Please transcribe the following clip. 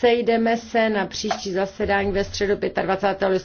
Sejdeme se na příští zasedání ve středu 25. listopadu.